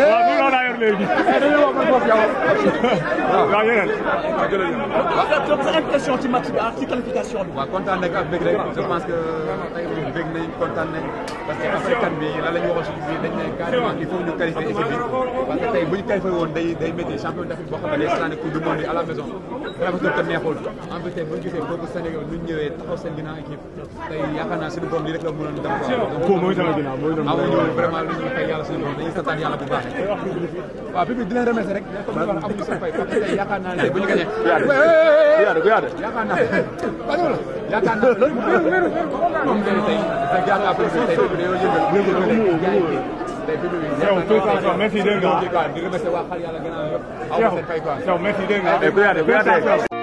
waaw léegi. waaw yeneen. waaw sa impression ci match bi ah, ci qualification bi. waaw kontaan nañ ak bëgg rek je pense que tey moom bëgg nañ kontaan nañ parce que africain bi lan la ñu waxoon si biir dañ ne carrément il faut ñu qualifier équipe bi parce que tey bu ñu qualifié woon day day métti champion d'Afrique boo xam ne day sànni coupe du monde à la maison. rafetlu te neexul en fait tey bu ñu gisee boobu Sénégal bu ñu ñëwee taxaw seen ginnaaw équipe tey yaakaar naa suñu borom lii rek la mënoon dem quoi. donc foofu mooy sama ginnaaw mooy dem. amuñu vraiment lu ñu fay yàlla suñu borom dañuy santaat yàlla bu baax waaw bi bi dina remercier rek comme ni ma amuñu seen fay parce que yaakaar naa ne bu ñu gagné. yaakaar naa ne yaakaar naa ne. yaakaar naa ne moom tey tey tey jàpp naa ko tey bi dañoo yëngal yow tout ça yow merci dégg nga ah. yow merci dégg nga